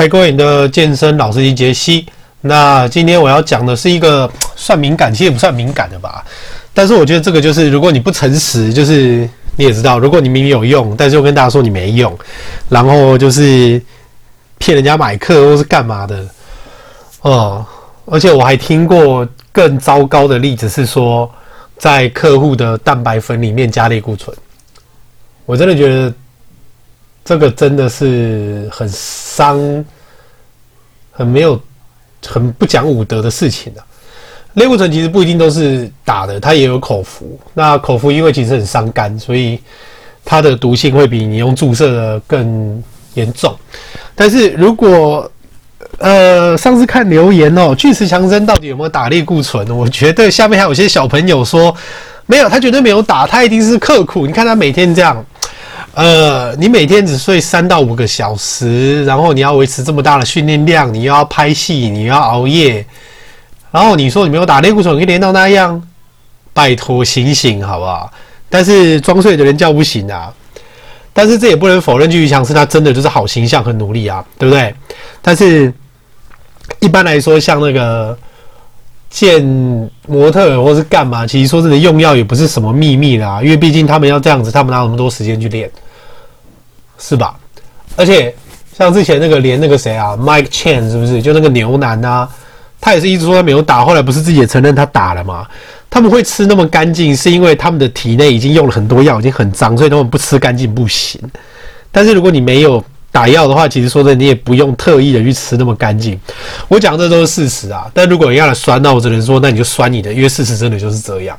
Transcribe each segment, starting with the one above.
嗨，各位，你的健身老師傑西。那今天我要講的是一個算敏感，其實也不算敏感的吧。但是我覺得這個就是，如果你不誠實，就是你也知道，如果你明明有用，但是又跟大家說你沒用，然後就是騙人家買課或是幹嘛的。哦、嗯，而且我還聽過更糟糕的例子，是說在客戶的蛋白粉裡面加類固醇。我真的覺得。這個真的是很傷、很沒有、很不講武德的事情了，啊。類固醇其實不一定都是打的，它也有口服。那口服因為其實很傷肝，所以它的毒性會比你用注射的更嚴重。但是如果呃，上次看留言哦、喔，巨石強森到底有沒有打類固醇？我覺得下面還有些小朋友說沒有，他絕對沒有打，他一定是刻苦。你看他每天這樣。呃，你每天只睡三到五個小時，然後你要維持這麼大的訓練量，你又要拍戲，你又要熬夜，然後你說你沒有打類固醇，你可以練到那樣，拜託醒醒好不好？但是裝睡的人叫不醒啊。但是這也不能否認，巨石強森他真的就是好形象和努力啊，對不對？但是一般來說，像那個建模特或是幹嘛，其實說真的，用藥也不是什麼秘密啦，因為畢竟他們要這樣子，他們哪有那麼多時間去練。是吧？而且像之前那個連那個誰啊，Mike Chan 是不是？就那個牛腩啊，他也是一直說他沒有打，後來不是自己也承認他打了嘛？他們會吃那麼乾淨，是因為他們的體內已經用了很多藥，已經很髒，所以他們不吃乾淨不行。但是如果你沒有打藥的話，其實說真的，你也不用特意的去吃那麼乾淨。我講這都是事實啊，但如果人家來酸、啊，那我只能說，那你就酸你的，因為事實真的就是這樣。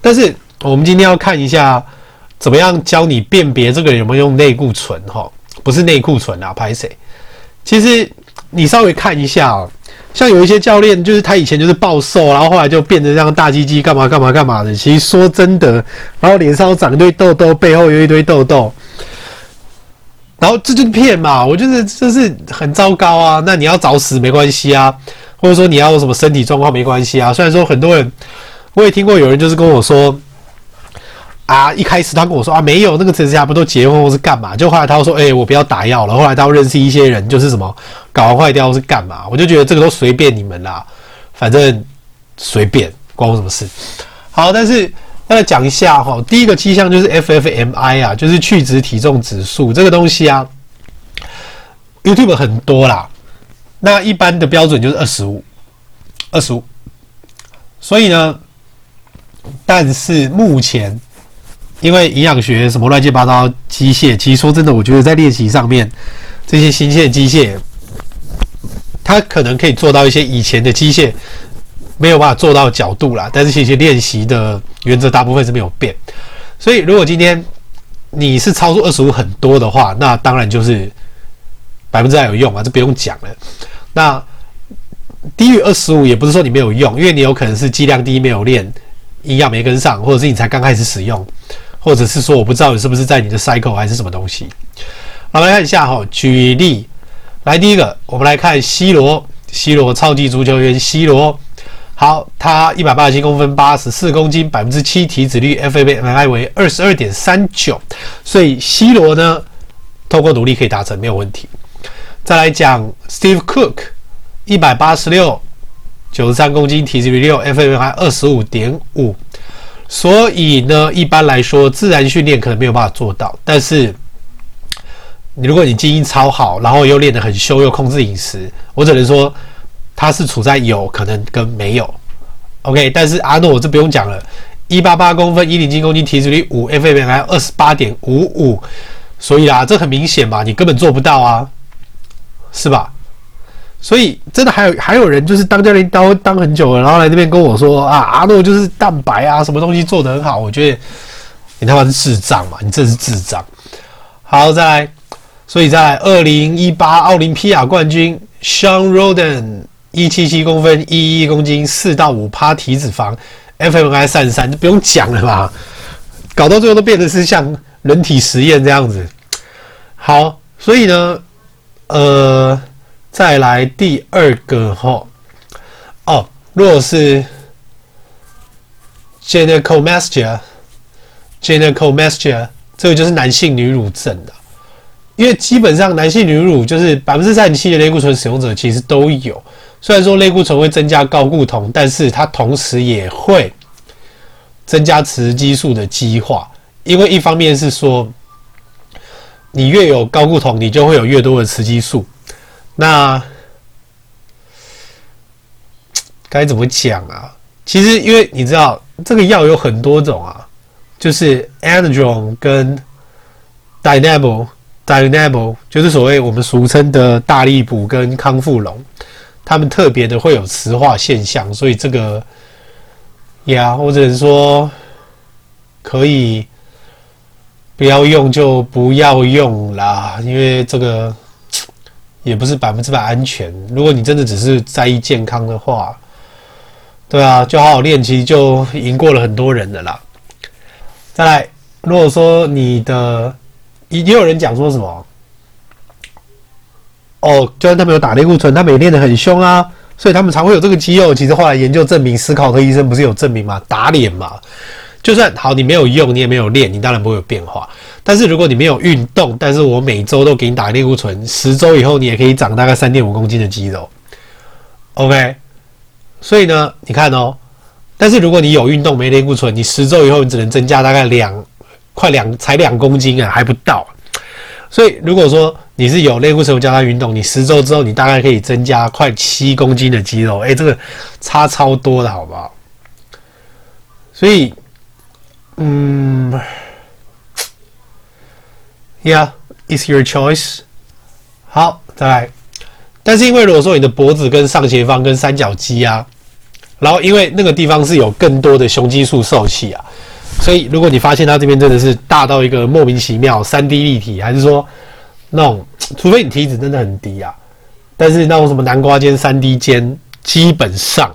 但是我們今天要看一下。怎麼樣教你辨別這個人有沒有用類固醇？哈，不是類固醇啊，拍誰？其實你稍微看一下哦、喔，像有一些教練，就是他以前就是暴瘦，然後後來就變成這樣大雞雞，幹嘛幹嘛幹嘛的。其實說真的，然後臉上都長一堆痘痘，背後又一堆痘痘，然後這就是騙嘛。我就是這、就是很糟糕啊。那你要找死沒關係啊，或者說你要有什麼身體狀況沒關係啊。雖然說很多人，我也聽過有人就是跟我說。啊！一開始他跟我說啊，沒有那個陳志霞不都結婚或是幹嘛？就後來他說，哎、欸，我不要打藥了。後來他要認識一些人，就是什麼搞完壞掉是幹嘛？我就覺得這個都隨便你們啦，反正隨便，關我什麼事？好，但是那來講一下哈，第一個跡象就是 FFMI 啊，就是去脂體重指數這個東西啊，YouTube 很多啦。那一般的標準就是二十五，二十五。所以呢，但是目前。因為營養學什麼亂七八糟機械，其實說真的，我覺得在練習上面，這些新鮮機械，它可能可以做到一些以前的機械沒有辦法做到的角度啦。但是這些練習的原則大部分是沒有變。所以如果今天你是超出二十五很多的話，那當然就是百分之百有用啊，這不用講了。那低於二十五也不是說你沒有用，因為你有可能是劑量低沒有練，營養沒跟上，或者是你才剛開始使用。或者是說，我不知道你是不是在你的 cycle 還是什麼東西。我們來看一下哈，舉例來第一個，我們來看 C 羅，C 羅超級足球員 C 羅，好，他一百八十七公分，八十四公斤，百分之七體脂率，FMI 為二十二點三九，所以 C 羅呢，通過努力可以達成，沒有問題。再來講 Steve Cook，一百八十六，九十三公斤，體脂率六，FMI 二十五點五。所以呢，一般來說，自然訓練可能沒有辦法做到。但是，你如果你基因超好，然後又練得很兇，又控制飲食，我只能說，他是處在有可能跟沒有，OK。但是阿諾，我這不用講了，一八八公分，一零公斤，體脂率五，FMI 二十八點五五，所以啦，這很明顯嘛，你根本做不到啊，是吧？所以真的還有還有人就是當教練當當很久了，然後來這邊跟我說啊阿諾就是蛋白啊什麼東西做得很好，我覺得你他媽是智障嘛，你真是智障。好，再來，所以在二零一八奧林匹亞冠軍 Sean Roden 一七七公分一一一公斤四到五趴體脂肪，FMI 三十三這不用講了吧？搞到最後都變得是像人體實驗這樣子。好，所以呢，呃。再來第二個吼哦，如果是 gynecomastia gynecomastia，這個就是男性女乳症的，因為基本上男性女乳就是百分之三十七的類固醇使用者其實都有，雖然說類固醇會增加睪固酮，但是它同時也會增加雌激素的激化，因為一方面是說你越有睪固酮，你就會有越多的雌激素。那該怎麼講啊？其實，因為你知道，這個藥有很多種啊，就是 Anadrol 跟 Dianabol, Dianabol 就是所謂我們俗稱的大力補跟康復龍，他們特別的會有雌化現象，所以這個呀，yeah，我只能說可以不要用就不要用啦，因為這個。也不是百分之百安全。如果你真的只是在意健康的話，對啊，就好好練，其實就贏過了很多人了啦。再來，如果說你的也有人講說什麼，哦，就算他們有打類固醇，他們也練得很凶啊，所以他們才會有這個肌肉。其實後來研究證明，思考科醫生不是有證明嗎？打臉嘛。就算好，你沒有用，你也沒有練，你當然不會有變化。但是如果你沒有運動，但是我每周都給你打類固醇，十周以後你也可以長大概三點五公斤的肌肉。OK，所以呢，你看哦，但是如果你有運動沒類固醇，你十周以後你只能增加大概兩，快兩才兩公斤啊，還不到。所以如果說你是有類固醇加上運動，你十周之後你大概可以增加快七公斤的肌肉，誒、欸，這個差超多的好不好？所以。Yeah, it's your choice. 好，再來。但是因為如果說你的脖子跟上斜方跟三角肌啊，然後因為那個地方是有更多的雄激素受器啊，所以如果你發現他這邊真的是大到一個莫名其妙 3D 立體，還是說那種除非你體脂真的很低啊，但是那種什麼南瓜肩、3D 肩，基本上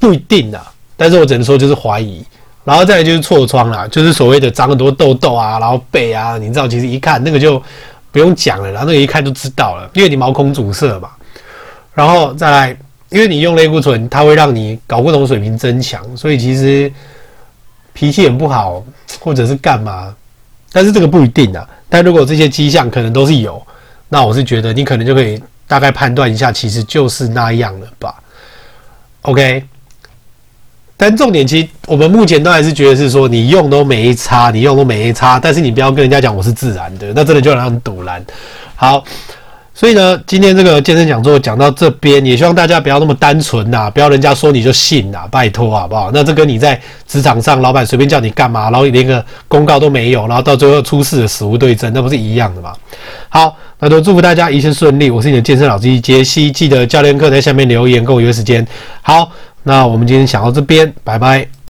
不一定啊。但是我只能說就是懷疑。然後再來就是痤瘡啦，就是所謂的長很多痘痘啊，然後背啊，你知道其實一看那個就不用講了，然後那個一看就知道了，因為你毛孔阻塞嘛。然後再來，因為你用類固醇，它會讓你睪固酮水平增強，所以其實脾氣很不好，或者是幹嘛，但是這個不一定啊。但如果這些跡象可能都是有，那我是覺得你可能就可以大概判斷一下，其實就是那樣了吧。OK。但重點其實，我們目前都還是覺得是說，你用都沒差，你用都沒差。但是你不要跟人家講我是自然的，那真的就讓人賭爛。好，所以呢，今天這個健身講座講到這邊，也希望大家不要那麼單純吶、啊，不要人家說你就信吶、啊，拜托好不好？那這跟你在職場上，老闆隨便叫你幹嘛，然後你連個公告都沒有，然後到最後出事的死無對證，那不是一樣的嘛？好，那都祝福大家一切順利。我是你的健身老師傑西，記得教練課在下面留言，跟我約時間。好。那我們今天講到這邊，拜拜。